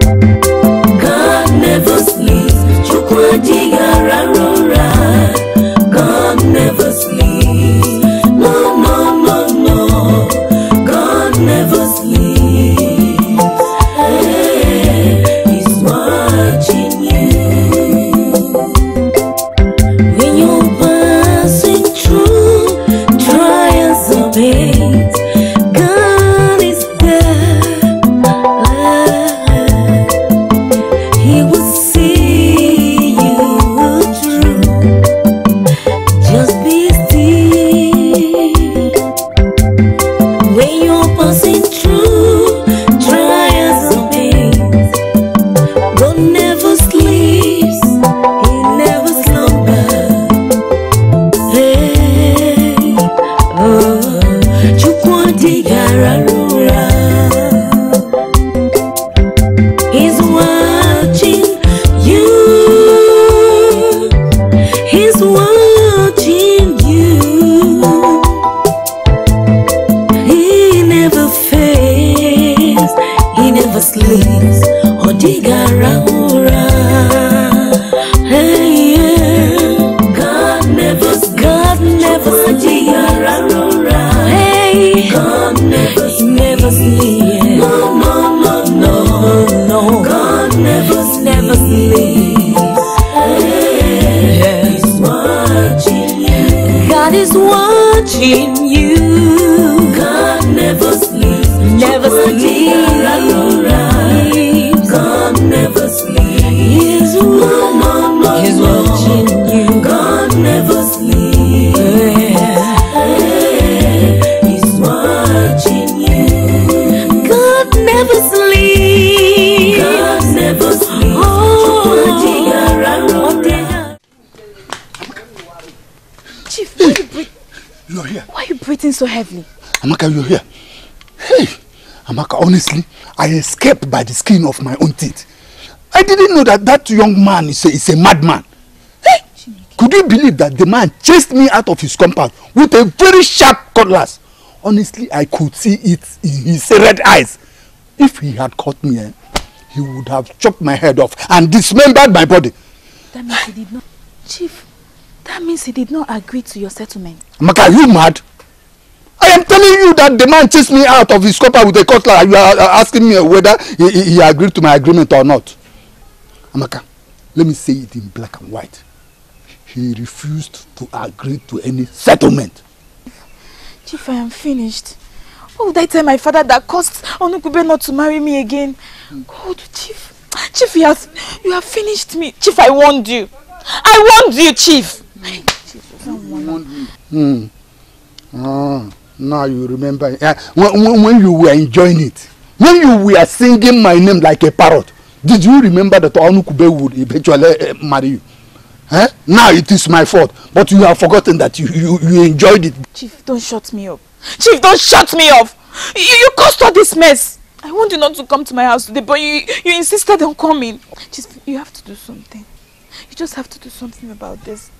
God never sleeps. Chukwu never God never, never sleeps. He's watching you. God is watching you. so heavily? Amaka, you're here. Hey, Amaka, honestly, I escaped by the skin of my own teeth. I didn't know that that young man is a, is a madman. Hey, could you believe that the man chased me out of his compound with a very sharp cutlass? Honestly, I could see it in his red eyes. If he had caught me, eh, he would have chopped my head off and dismembered my body. That means he did not... Chief, that means he did not agree to your settlement. Amaka, are you mad? I am telling you that the man chased me out of his copper with a cutlass. You are uh, asking me whether he, he, he agreed to my agreement or not. Amaka, let me say it in black and white. He refused to agree to any settlement. Chief, I am finished. What would I tell my father that caused Onukube not to marry me again? Go, God, Chief. Chief, you have, you have finished me. Chief, I warned you. I warned you, Chief. Mm. Chief, you warned me. Mm. Ah. now you remember uh, when, when you were enjoying it when you were singing my name like a parrot did you remember that onukube would eventually uh, marry you eh? now it is my fault but you have forgotten that you, you, you enjoyed it. chief don't shut me up chief don't shut me off. you, you caused all this mess i want you not to come to my house today but you, you insisted on coming chief you have to do something you just have to do something about this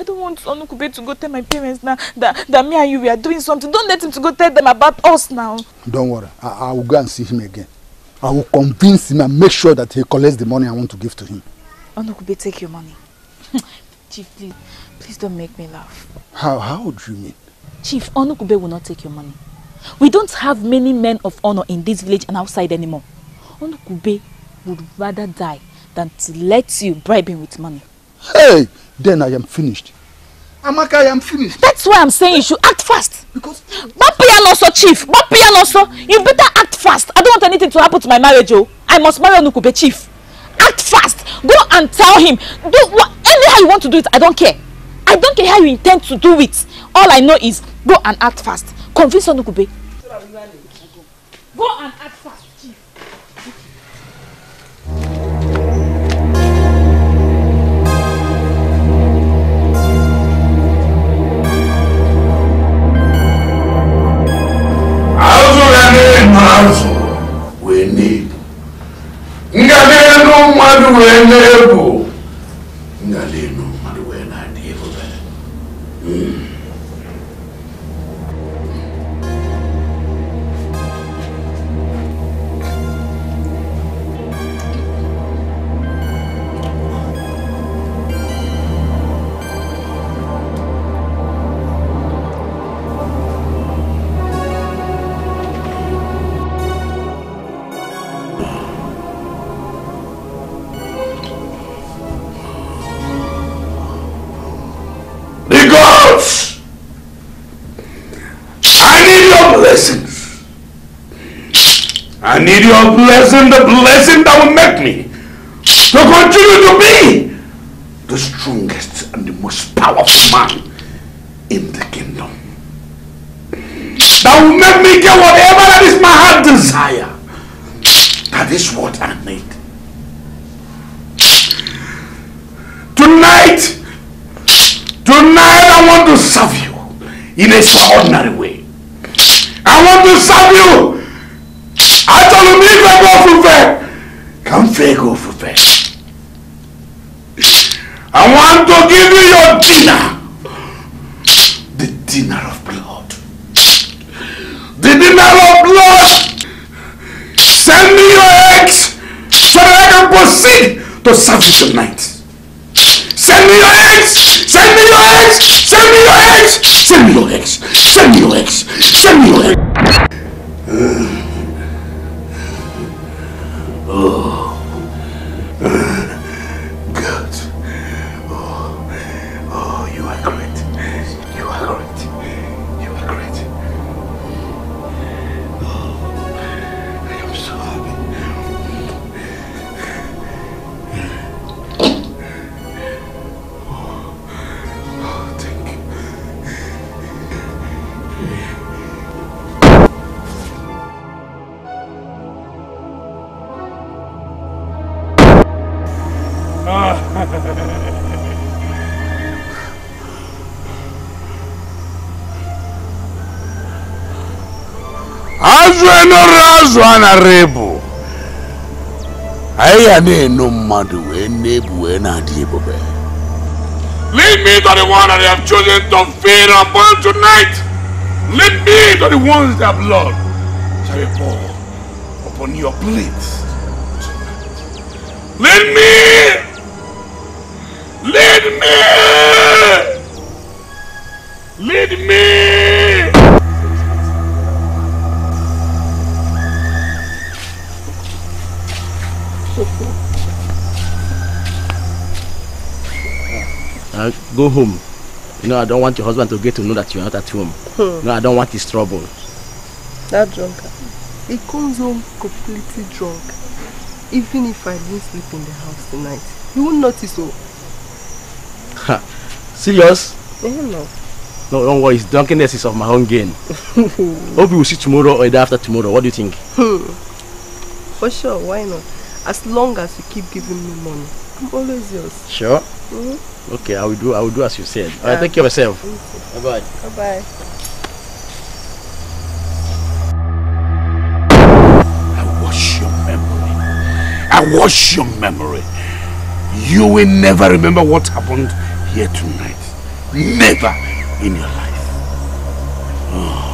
I don't want Onukube to go tell my parents now that, that me and you, we are doing something. Don't let him to go tell them about us now. Don't worry. I, I will go and see him again. I will convince him and make sure that he collects the money I want to give to him. Onukube, take your money. Chief, please, please don't make me laugh. How, how do you mean? Chief, Onukube will not take your money. We don't have many men of honor in this village and outside anymore. Onukube would rather die than to let you bribe him with money. Hey, then I am finished. Amaka, I am finished. That's why I'm saying you should act fast. Because. Bapian also, chief. Bapian also. You better act fast. I don't want anything to happen to my marriage, oh. I must marry Onukube, chief. Act fast. Go and tell him. Do what, anyhow you want to do it. I don't care. I don't care how you intend to do it. All I know is go and act fast. Convince Onukube. Go and azụ wee na-ebu ngala elu mmadụ wee na-ebu ngala elu mmadụ wee na-adị ebube hmm. I need your blessing, the blessing that will make me to continue to be the strongest and the most powerful man in the kingdom. That will make me get whatever that is my heart desire. That is what I need. Tonight, tonight I want to serve you in a extraordinary way. I want to serve you achọrọ m ife gị ofufe ka m fee gị ofufe I want to give you your dinner the dinner of blood the dinner of blood send me your eggs so that I can proceed to serve you tonight send me your eggs send me your eggs send me your eggs send me your eggs send me your eggs send me your eggs. Send me your eggs. Send me your eggs. 어. azụ a nara ebu anyị ya na-eno mmadụ wee na-ebu wee na-adị ebube Lead me to the one that I have chosen to feed upon tonight. Lead me to the ones that blood shall be poured upon your plates. Lead me go home. You know, I don't want your husband to get to know that you're not at home. Hmm. No, I don't want his trouble. That drunkard. He comes home completely drunk. Even if I didn't sleep in the house tonight, he won't notice. So. Oh. Ha. Serious? Yeah, no. No, don't worry. His drunkenness is of my own gain. Hope we'll see tomorrow or the day after tomorrow. What do you think? Hmm. For sure. Why not? As long as you keep giving me money always yours. Sure. Mm-hmm. Okay, I will do. I will do as you said. Yeah. All right, take care of yourself. You. Bye bye. Bye bye. I wash your memory. I wash your memory. You will never remember what happened here tonight. Never in your life. Oh.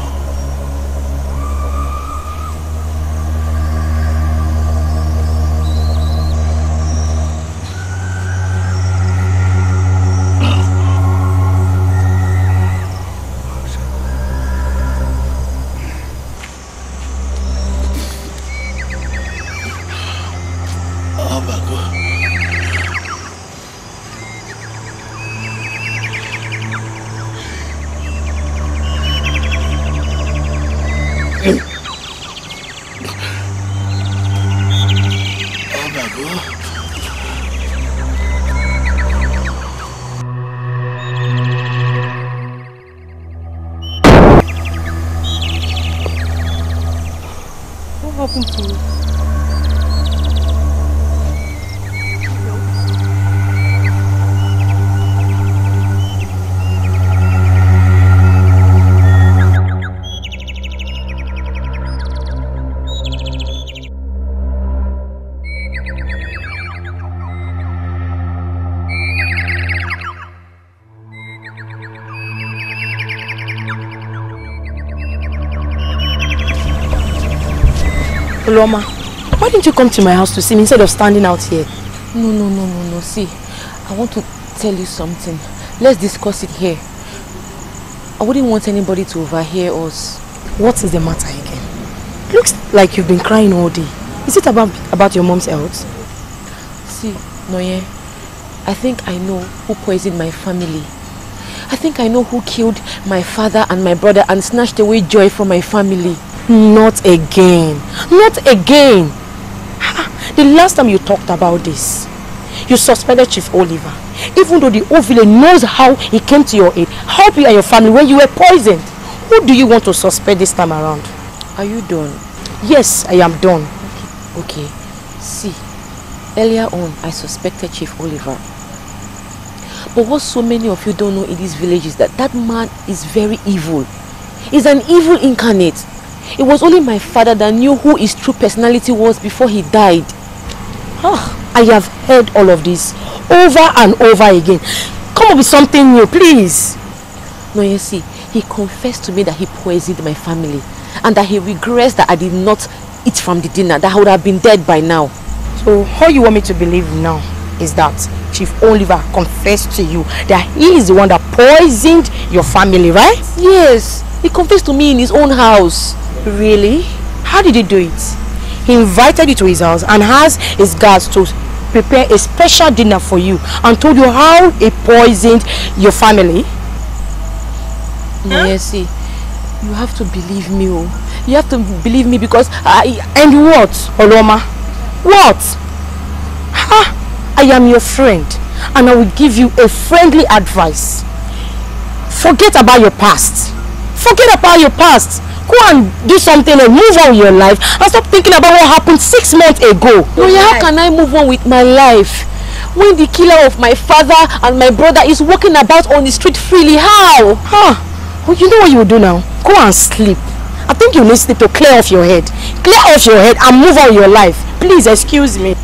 Loma, why didn't you come to my house to see me instead of standing out here? No, no, no, no, no. See, I want to tell you something. Let's discuss it here. I wouldn't want anybody to overhear us. What is the matter again? Looks like you've been crying all day. Is it about about your mom's health? See, Noye, I think I know who poisoned my family. I think I know who killed my father and my brother and snatched away joy from my family. Not again. Not again. The last time you talked about this, you suspended Chief Oliver. Even though the old villain knows how he came to your aid, help you and your family when you were poisoned. Who do you want to suspend this time around? Are you done? Yes, I am done. Okay. okay. See, earlier on, I suspected Chief Oliver. But what so many of you don't know in this village is that that man is very evil. He's an evil incarnate. It was only my father that knew who his true personality was before he died. Ah, I have heard all of this over and over again. Come up with something new, please. No, you see, he confessed to me that he poisoned my family and that he regrets that I did not eat from the dinner, that I would have been dead by now. So how you want me to believe now is that Chief Oliver confessed to you that he is the one that poisoned your family, right? Yes, he confessed to me in his own house. Really? How did he do it? He invited you to his house and has his guards to prepare a special dinner for you and told you how he poisoned your family? Huh? Yes, you have to believe me. Oh. You have to believe me because I... And what, Oloma? What? Ha! I am your friend and I will give you a friendly advice. Forget about your past. Forget about your past. Go and do something and move on with your life and stop thinking about what happened six months ago. Your how can I move on with my life? When the killer of my father and my brother is walking about on the street freely, how? Huh? Well, you know what you do now? Go and sleep. I think you need sleep to clear off your head. Clear off your head and move on your life. Please excuse me.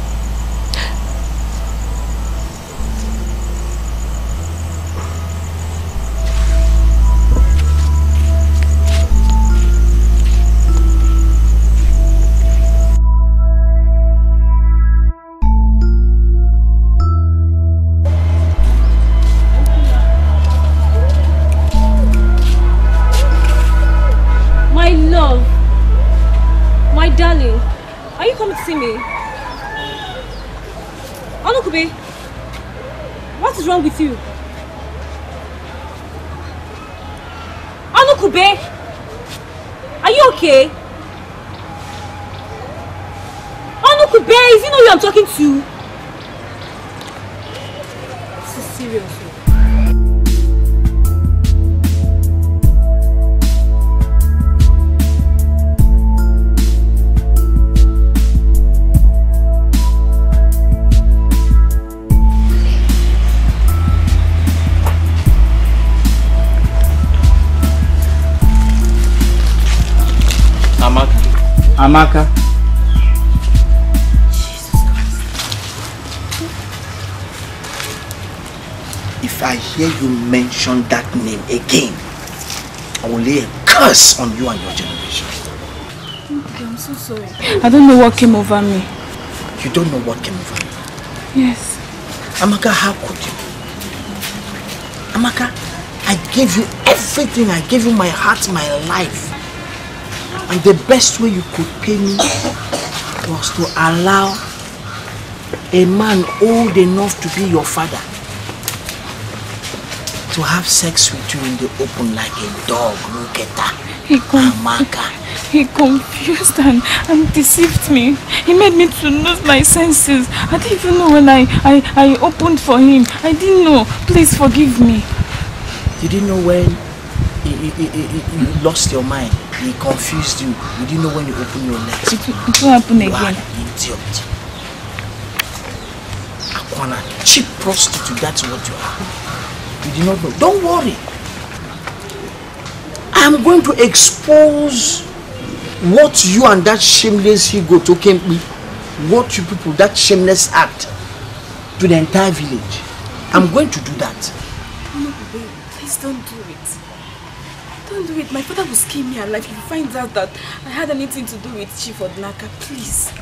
Amaka. If I hear you mention that name again, I will lay a curse on you and your generation. Okay, I'm so sorry. I don't know what came over me. You don't know what came over me? Yes. Amaka, how could you? Amaka, I gave you everything. I gave you my heart, my life. And the best way you could pay me was to allow a man old enough to be your father to have sex with you in the open like a dog. Look at that. He, com he confused and, and deceived me. He made me to lose my senses. I didn't even know when I, I, I opened for him. I didn't know. Please forgive me. You didn't know when he, he, he, he, you lost your mind. He confused you. You didn't know when you opened your legs. It, it won't happen you again. Are an idiot. Akwana, cheap prostitute, that's what you are. You did not know. Don't worry. I am going to expose what you and that shameless ego to Kempi, what you people, that shameless act to the entire village. I'm going to do that. No, babe, please don't do it. Don't do it. My father will skin me alive if he finds out that I had anything to do with Chief Odnaka. Please.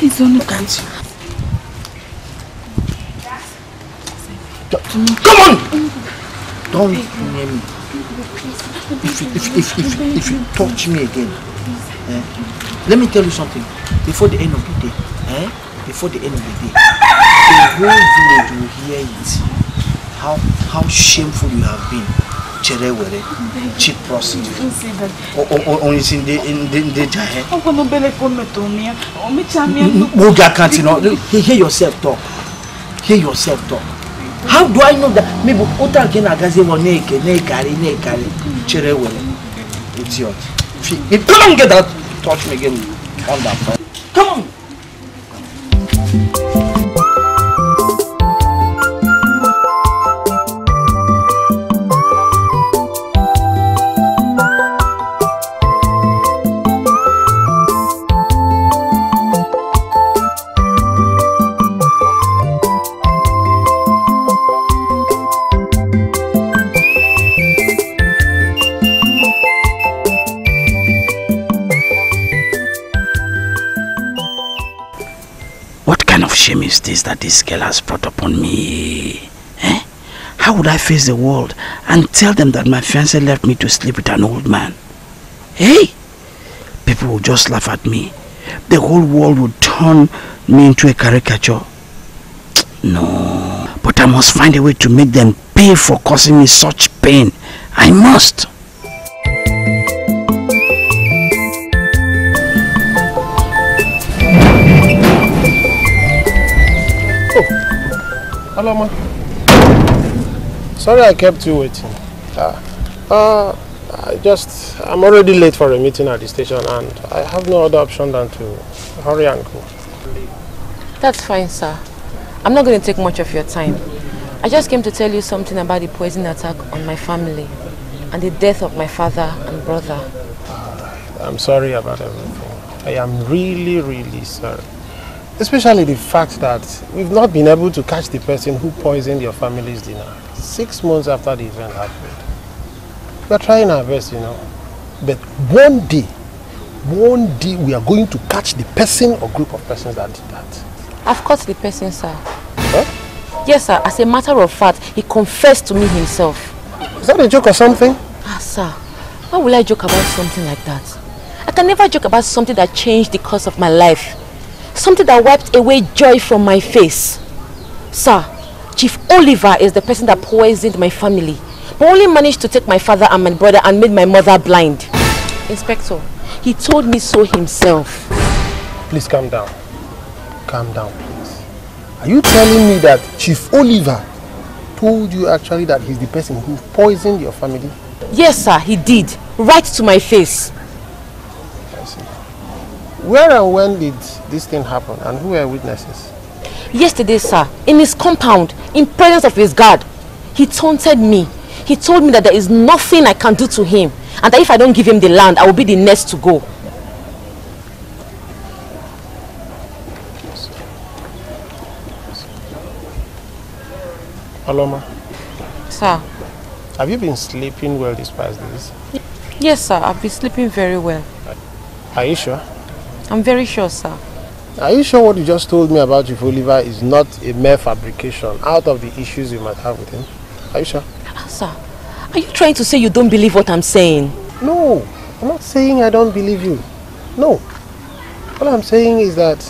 Please don't look at you. Come on! Don't near me. If if, if, if, if you touch me again, eh, let me tell you something. Before the end of the day, eh, before the end of the day, the whole village will hear it. How, how shameful you have been chere were cheap prostitute onye si ndị jahe oge aka ntị na hear yourself talk hear yourself talk how do i know that maybe ụta again. na-agazi ebe na-eke na-ekari na-ekari chere were If you don't get that touch me again on that phone come on that this girl has brought upon me. Eh? How would I face the world and tell them that my fiancé left me to sleep with an old man? Hey! Eh? People will just laugh at me. The whole world would turn me into a caricature. No. But I must find a way to make them pay for causing me such pain. I must. Hello ma. Sorry I kept you waiting. Uh, uh, I just, I'm already late for a meeting at the station and I have no other option than to hurry and go. That's fine, sir. I'm not going to take much of your time. I just came to tell you something about the poison attack on my family and the death of my father and brother. I'm sorry about everything. I am really, really sorry. Especially the fact that we've not been able to catch the person who poisoned your family's dinner six months after the event happened. We're trying our best, you know. But one day, one day we are going to catch the person or group of persons that did that. I've caught the person, sir. Huh? Yes, sir. As a matter of fact, he confessed to me himself. Is that a joke or something? Ah, sir. Why will I joke about something like that? I can never joke about something that changed the course of my life. Something that wiped away joy from my face. Sir, Chief Oliver is the person that poisoned my family. But only managed to take my father and my brother and made my mother blind. Inspector, he told me so himself. Please calm down. Calm down, please. Are you telling me that Chief Oliver told you actually that he's the person who poisoned your family? Yes, sir, he did. Right to my face. Where and when did this thing happen and who were witnesses? Yesterday, sir, in his compound, in presence of his guard, he taunted me. He told me that there is nothing I can do to him and that if I don't give him the land, I will be the next to go. Aloma. Sir. Have you been sleeping well these past days? Yes, sir. I've been sleeping very well. Are you sure? I'm very sure, sir. Are you sure what you just told me about Chief Oliver is not a mere fabrication out of the issues you might have with him? Are you sure? Ah, sir, are you trying to say you don't believe what I'm saying? No, I'm not saying I don't believe you. No. All I'm saying is that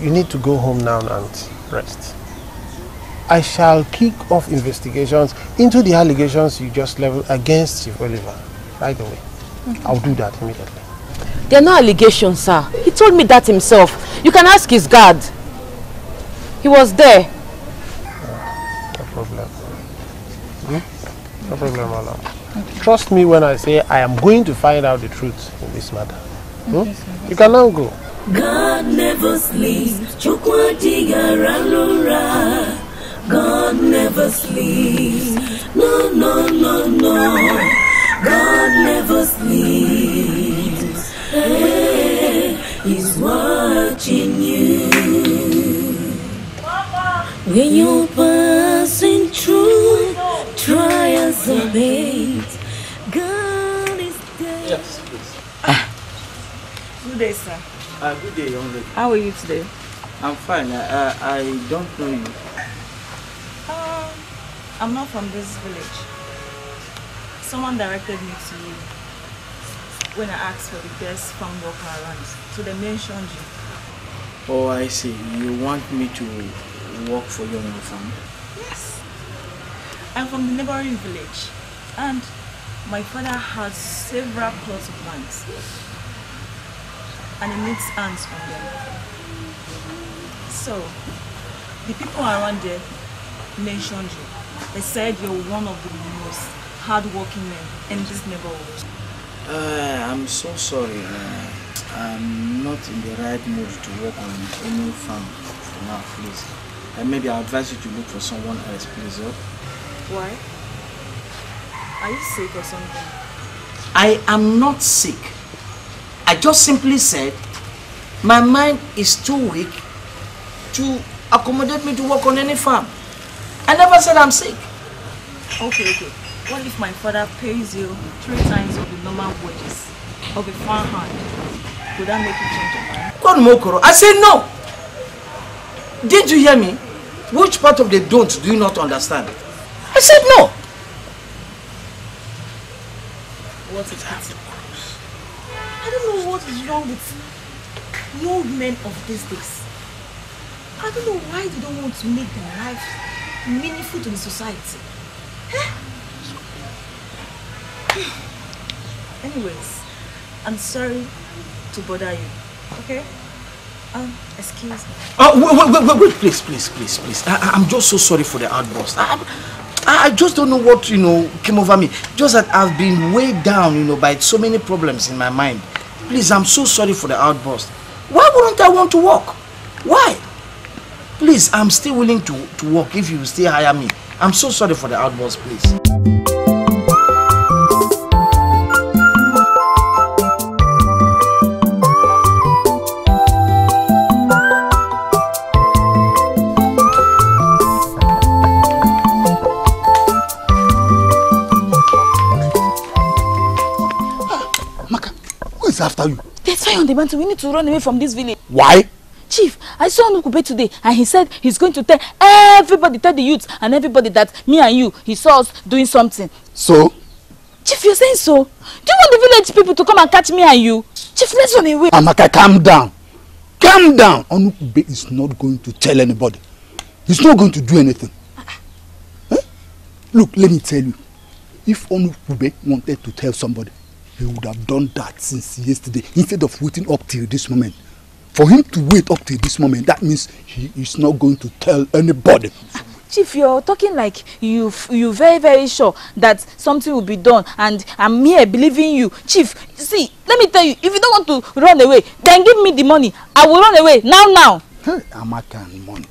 you need to go home now and rest. I shall kick off investigations into the allegations you just leveled against Chief Oliver. Right away. Okay. I'll do that immediately. There are no allegations, sir. He told me that himself. You can ask his guard. He was there. No problem. Hmm? No problem, Anna. Trust me when I say I am going to find out the truth in this matter. Hmm? Okay, sir, you can now go. God never sleeps. God never sleeps. No, no, no, no. God never sleeps is watching you. When you're passing through trials of hate, God is there. Yes, please. Ah. Good day, sir. Uh, good day, young lady. How are you today? I'm fine. I, I, I don't know you. Um, I'm not from this village. Someone directed me to you when I asked for the best farm worker around. So they mentioned you. Oh, I see. You want me to work for you on your farm? Yes. I'm from the neighboring village and my father has several plots of land and he needs hands from them. So, the people around there mentioned you. They said you're one of the most hardworking men in this neighborhood. Uh, I'm so sorry. Uh, I'm not in the right mood to work on any farm for now, please. And uh, maybe I advise you to look for someone else, please. Oh? Why? Are you sick or something? I am not sick. I just simply said my mind is too weak to accommodate me to work on any farm. I never said I'm sick. Okay, okay. What if my father pays you three times of the normal wages of a farmhand? Would that make you change your mind? God Mokoro, I said no! Did you hear me? Which part of the don't do you not understand? I said no! What is happening? I don't know what is wrong with young men of these days. I don't know why they don't want to make their life meaningful to the society. Eh? Anyways, I'm sorry to bother you. Okay? Um, excuse me. Oh, wait, wait, wait, wait, please, please, please, please. I, I'm just so sorry for the outburst. I, I just don't know what, you know, came over me. Just that I've been weighed down, you know, by so many problems in my mind. Please, I'm so sorry for the outburst. Why wouldn't I want to work? Why? Please, I'm still willing to, to work if you still hire me. I'm so sorry for the outburst, please. you. That's why on the mountain we need to run away from this village. Why? Chief, I saw Nukube today and he said he's going to tell everybody, tell the youths and everybody that me and you, he saw us doing something. So? Chief, you're saying so? Do you want the village people to come and catch me and you? Chief, let's run away. Amaka, calm down. Calm down. Onukube is not going to tell anybody. He's not going to do anything. Uh -uh. Look, let me tell you. If Onukube wanted to tell somebody, he would have done that since yesterday instead of waiting up till this moment. For him to wait up till this moment, that means he is not going to tell anybody. Ah, Chief, you're talking like you you very very sure that something will be done, and I'm here believing you, Chief. See, let me tell you, if you don't want to run away, then give me the money. I will run away now now. Hey, am and money.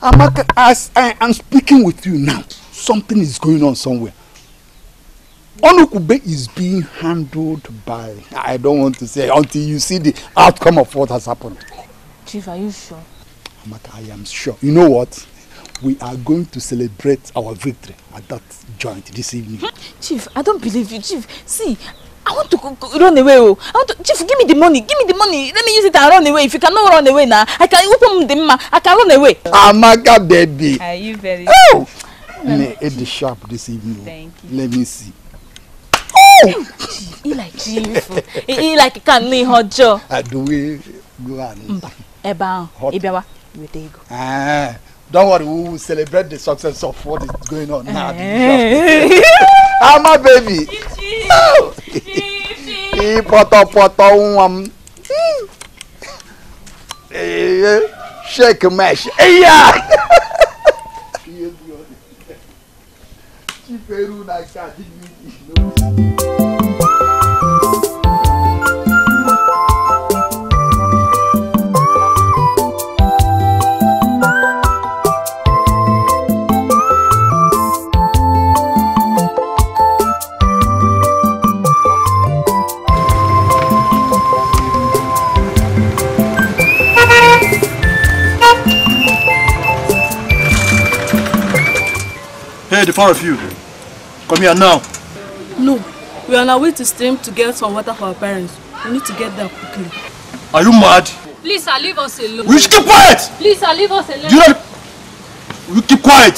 I'm as I am speaking with you now, something is going on somewhere. Onukube is being handled by, I don't want to say, until you see the outcome of what has happened. Chief, are you sure? Amaka, I am sure. You know what? We are going to celebrate our victory at that joint this evening. Hmm? Chief, I don't believe you. Chief, see, I want to run away. Oh. I want to, Chief, give me the money. Give me the money. Let me use it and run away. If you cannot run away now, I can open the ma. I can run away. Amaka, baby. Are you very? Oh! Mm. It is sharp this evening. Oh. Thank you. Let me see. Ilajirifu. Ilaki kan ni hojo. Aduwe guani. Mba. Eba. Ibiawa. Iwete ego. Ah. Don't worry, we will celebrate the success of what is going on now. Eh. Ah, my baby. Ii pọ̀tọ̀pọ̀tọ̀ wọn. Shake mash. Eya. Chiperu na kadi. Hey, the four of you. Come here now. We are on our way to stream to get some water for our parents. We need to get there quickly. Are you mad? Please, sir, leave us alone. Will you keep quiet? Please, sir, leave us alone. You know, will you keep quiet?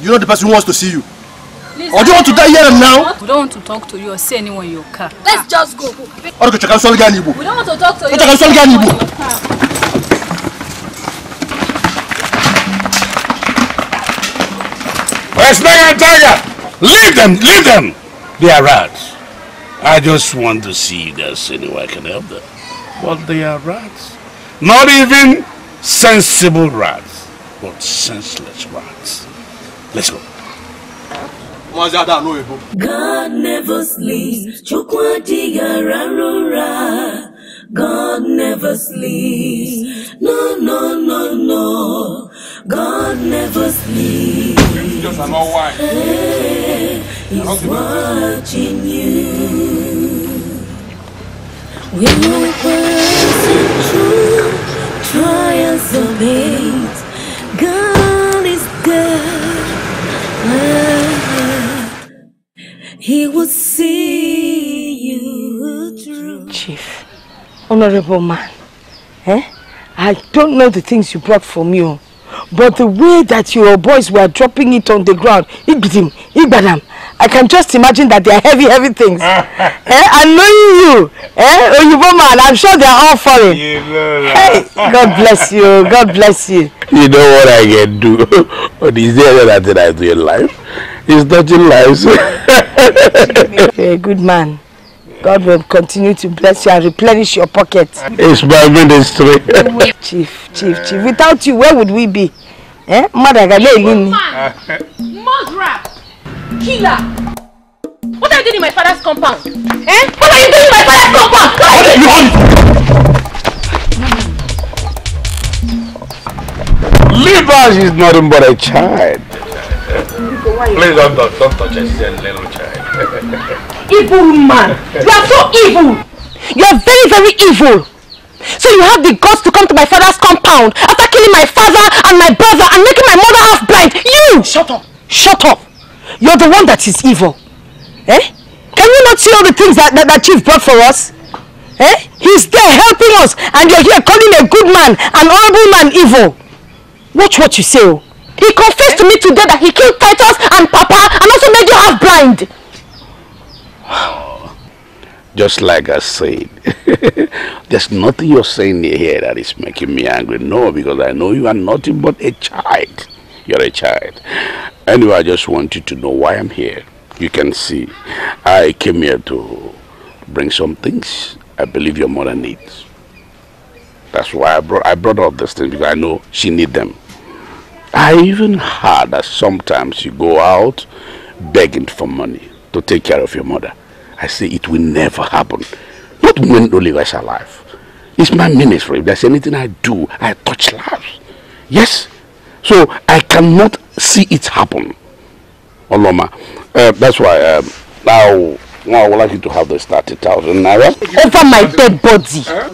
You know the person who wants to see you. Please, or do you want to die here and now? We don't want to talk to you or see anyone in your car. Let's just go. We don't want to talk to you or see anyone in your car. Where's my tiger? Leave them! Leave them! They are rats. I just want to see if there's any way I can help them. But they are rats. Not even sensible rats, but senseless rats. Let's go. God never sleeps. God never sleeps. No, no, no, no. God never sleeps. Hey. He's watching you. When your person true trials of hate, God is good. He will see you through. Chief, honorable man, eh? I don't know the things you brought from you, but the way that your boys were dropping it on the ground, Igbidim, Igbadam, I can just imagine that they are heavy, heavy things. eh, and knowing you, eh, you man, I'm sure they are all falling. You know hey, God bless you. God bless you. You know what I can do? but is there anything I do in life? It's not in life. a good man. God will continue to bless you and replenish your pocket. It's my ministry. chief, chief, chief. Without you, where would we be? Eh? Mother, Must rap. killer. What are you doing in my father's compound? Eh? What are you doing in my father's compound? What are you doing? Levi's is nothing but a child. Please don't, don't, don't touch a little child. evil man! You are so evil! You are very, very evil! So you have the guts to come to my father's compound after killing my father and my brother and making my mother half blind. You! Shut up. Shut up. You're the one that is evil. Eh? Can you not see all the things that, that, that Chief brought for us? Eh? He's there helping us and you're here calling a good man, an honorable man evil. Watch what you say. Oh. He confessed to me today that he killed Titus and Papa and also made you half blind. Just like I said, there's nothing you're saying here that is making me angry. No, because I know you are nothing but a child. You're a child. Anyway, I just want you to know why I'm here. You can see I came here to bring some things I believe your mother needs. That's why I brought, I brought all these things because I know she needs them. I even heard that sometimes you go out begging for money to take care of your mother. I say it will never happen. Not when Oliver is alive. It's my ministry. If there's anything I do, I touch lives. Yes, so I cannot see it happen. Oloma. Uh, that's why uh, now, now I would like you to have this 30,000 naira. Over my dead body. Huh?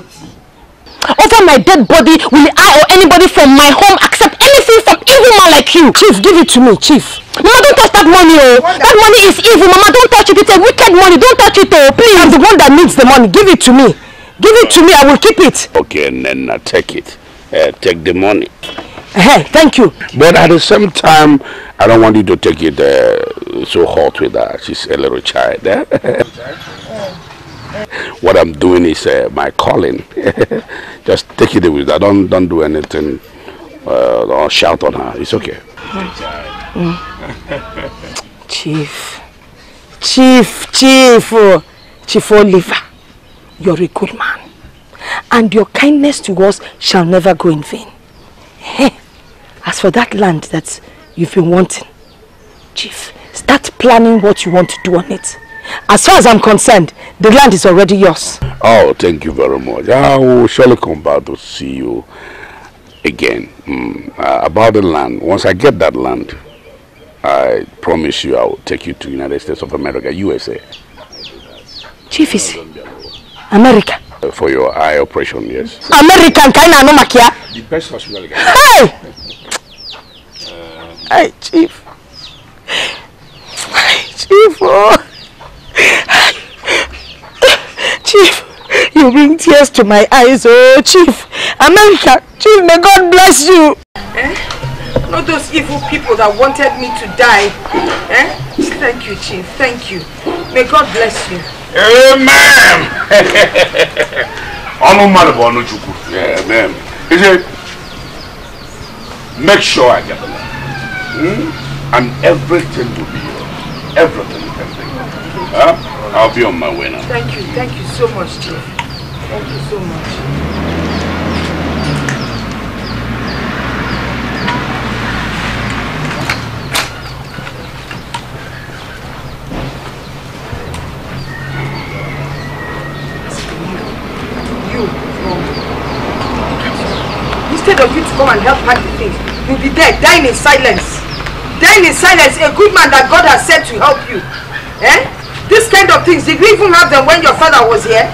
Over my dead body, will I or anybody from my home accept anything from evil man like you? Chief, give it to me, Chief. Mama, don't touch that money, oh. That, that money is evil, Mama. Don't touch it. It's a wicked money. Don't touch it, oh. Please. I'm the one that needs the money. Give it to me. Give it to me. I will keep it. Okay, Nena, take it. Uh, take the money. Hey, thank you. But at the same time, I don't want you to take it uh, so hot with her. She's a little child. Eh? what I'm doing is uh, my calling. Just take it with her. Don't don't do anything uh, or shout on her. It's okay. Mm. Chief, Chief, Chief, oh. Chief Oliver, you're a good man, and your kindness to us shall never go in vain. Hey, as for that land that you've been wanting, Chief, start planning what you want to do on it. As far as I'm concerned, the land is already yours. Oh, thank you very much. I will surely come back to see you again. Mm, uh, about the land, once I get that land, I promise you I will take you to United States of America, USA. Chief is America. for your eye operation, yes. American kind of makia. The best hospital. Guy. Hey. uh, hey, chief. Hey, chief. Oh. Chief, you bring tears to my eyes, oh chief. America, chief, may God bless you. Eh? Not those evil people that wanted me to die. Eh? Thank you, chief. Thank you. May God bless you. Amen. ọnụ mmadụ bụ ọnụ Chukwu. Amen. Ije make sure I get along. Hmm? And everything will be yours. Everything, everything. Huh? I'll be on my way now. Thank you. Thank you so much, Chief. Thank you so much. of you to come and help pack the things. You'll be there, dying in silence. Dying in silence, a good man that God has sent to help you. Eh? This kind of things, did we even have them when your father was here?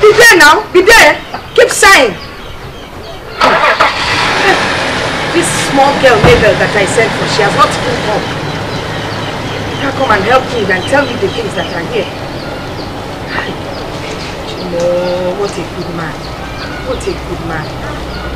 Be there now, be there. Keep sighing. This small girl, Mabel, that I sent for, she has not even come. can come and help me and tell me the things that are here. You know, what a good man. What a good man.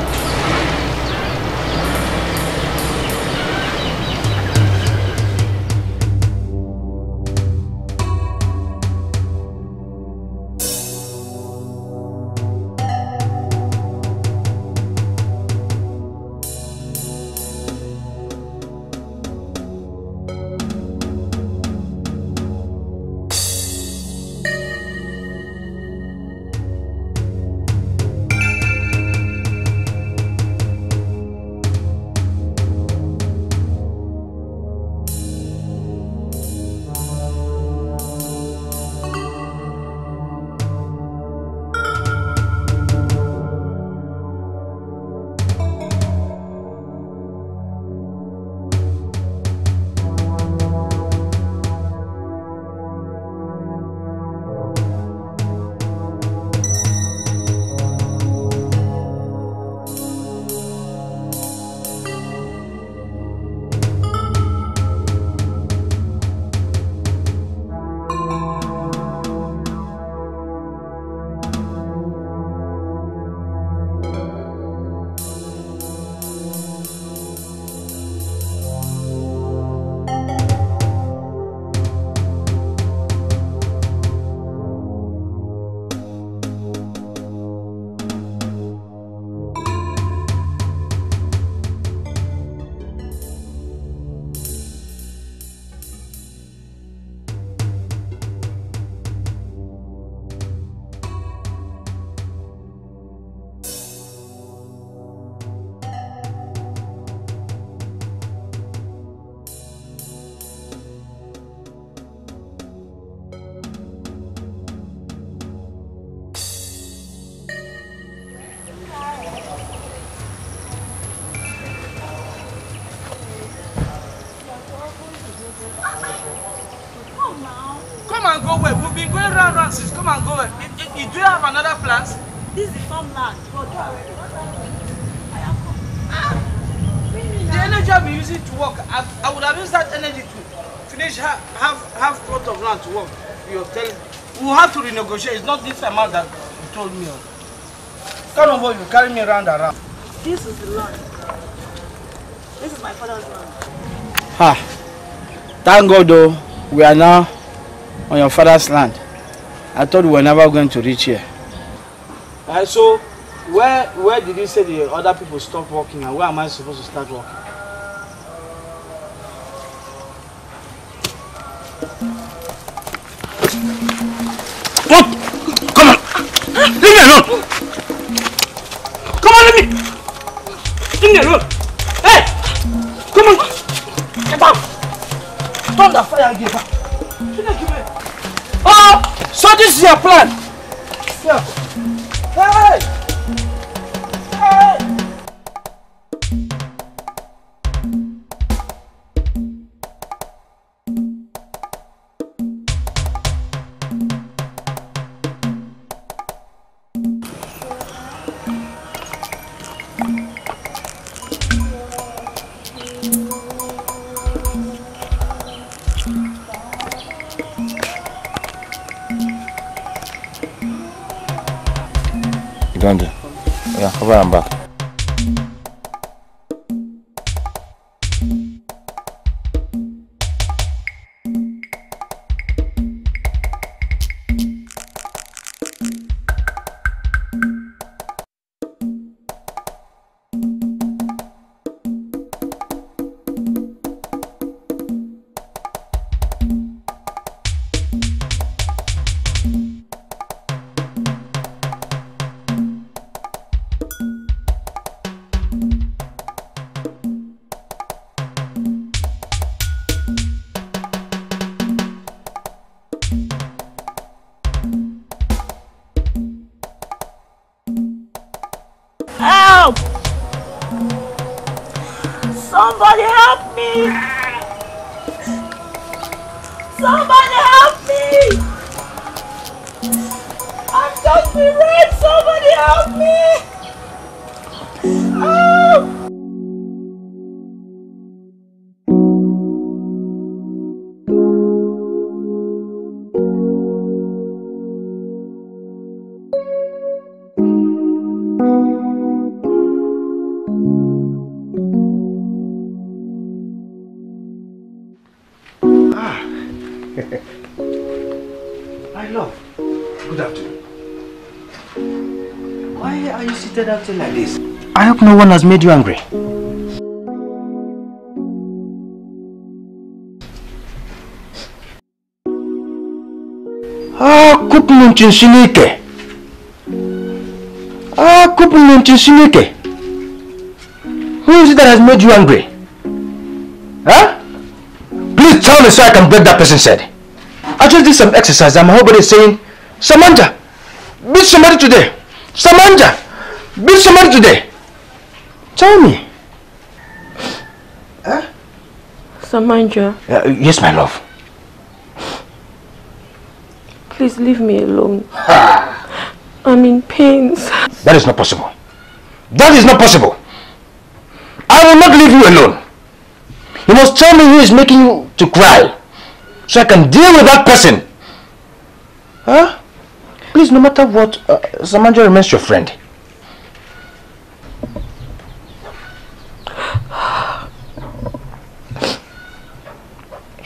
come and go. Do you have another plant? This is farmland. I ah. The energy I'll be using to work, I, I would have used that energy to finish half, half, half plot of land to work. You're We'll have to renegotiate. It's not this amount that you told me of. Come on, boy, you carry me around and around. This is the land. This is my father's land. Ha! Thank God, though, we are now on your father's land. I thought we were never going to reach here. And so, where where did you say the other people stop walking and where am I supposed to start walking? something like this. I hope no one has made you angry. Akụpụ ah, nchi Chineke. Akụpụ ah, nchi Chineke. Who is it that has made you angry? Huh? Please tell me so I can break that person's head. I just did some exercise and my whole body is saying, Samanja, beat somebody today. Samanja. Be somebody today. Tell me. Huh? Samanja. Uh, yes, my love. Please leave me alone. Ha. I'm in pains. That is not possible. That is not possible. I will not leave you alone. You must tell me who is making you to cry. So I can deal with that person. Huh? Please, no matter what, uh, Samanja remains your friend.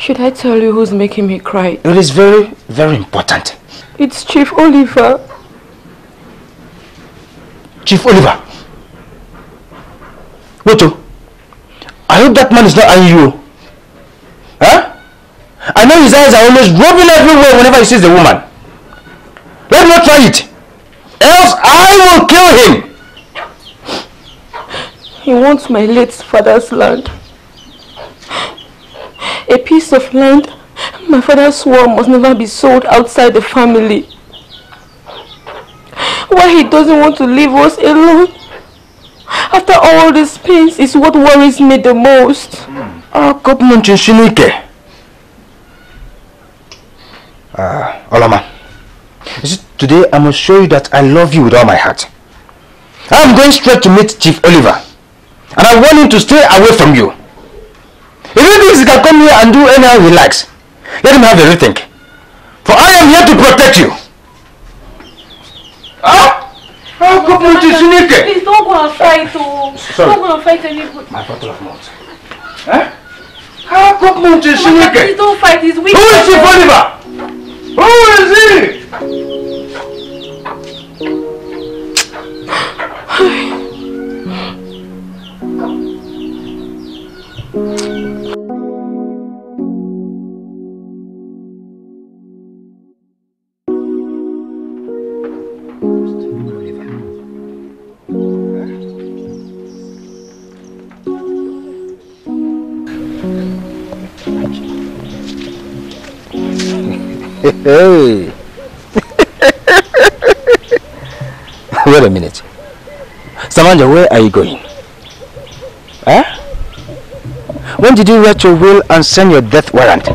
Should I tell you who's making me cry? It is very, very important. It's Chief Oliver. Chief Oliver? Wait, I hope that man is not eyeing you. Huh? I know his eyes are always rubbing everywhere whenever he sees a woman. Let me not try it. Else I will kill him. He wants my late father's land a piece of land my father swore must never be sold outside the family. Why he doesn't want to leave us alone? After all this pains is what worries me the most. Mm. Oh, ah, God, Shinike. Uh, ah, Olama, today I must show you that I love you with all my heart. I am going straight to meet Chief Oliver. And I want him to stay away from you. If he thinks he can come here and do anything he likes, let him have a rethink. For I am here to protect you. Ah! How good morning, Sunike. Please don't go and fight, oh. Don't go and fight oh. anybody. My father of malt. Eh? How good morning, Sunike. Please don't fight, he's weak. Who is he, Bolivar? Who is he? Hey. Wait a minute. Samanja, where are you going? Eh? When did you write your will and send your death warrant?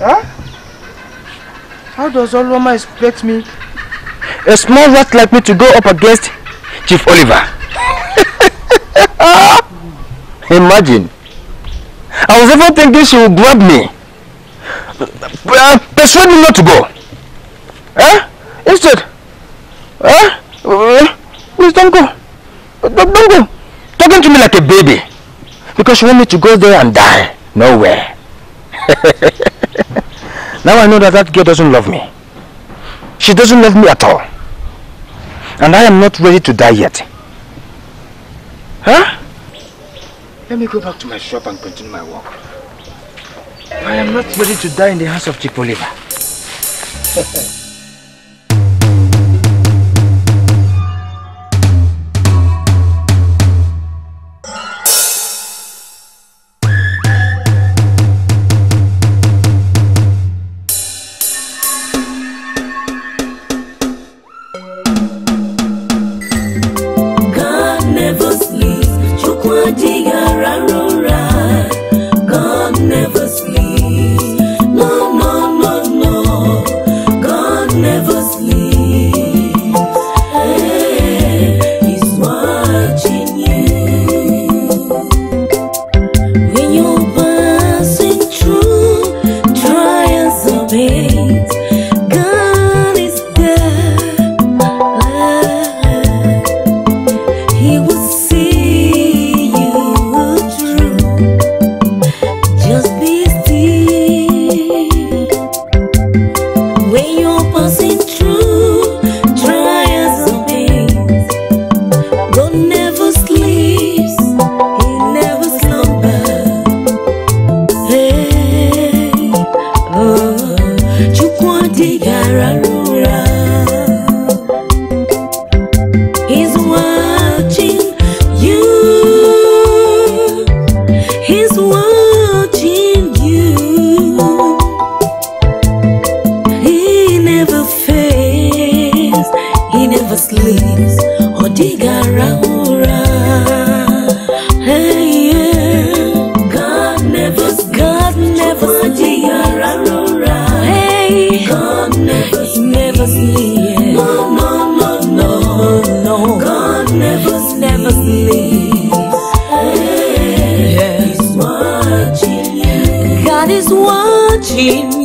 Huh? How does Oloma expect me? A small rat like me to go up against Chief Oliver. Imagine. I was even thinking she would grab me. Uh, persuade me not to go. Eh? Instead. Eh? Please don't go. Don't, don't go. Talking to me like a baby. Because she want me to go there and die. Nowhere. now I know that that girl doesn't love me. She doesn't love me at all. And I am not ready to die yet. Huh? Let me go back to my shop and continue my work. I am not ready to die in the hands of Chipoliva. What? Ты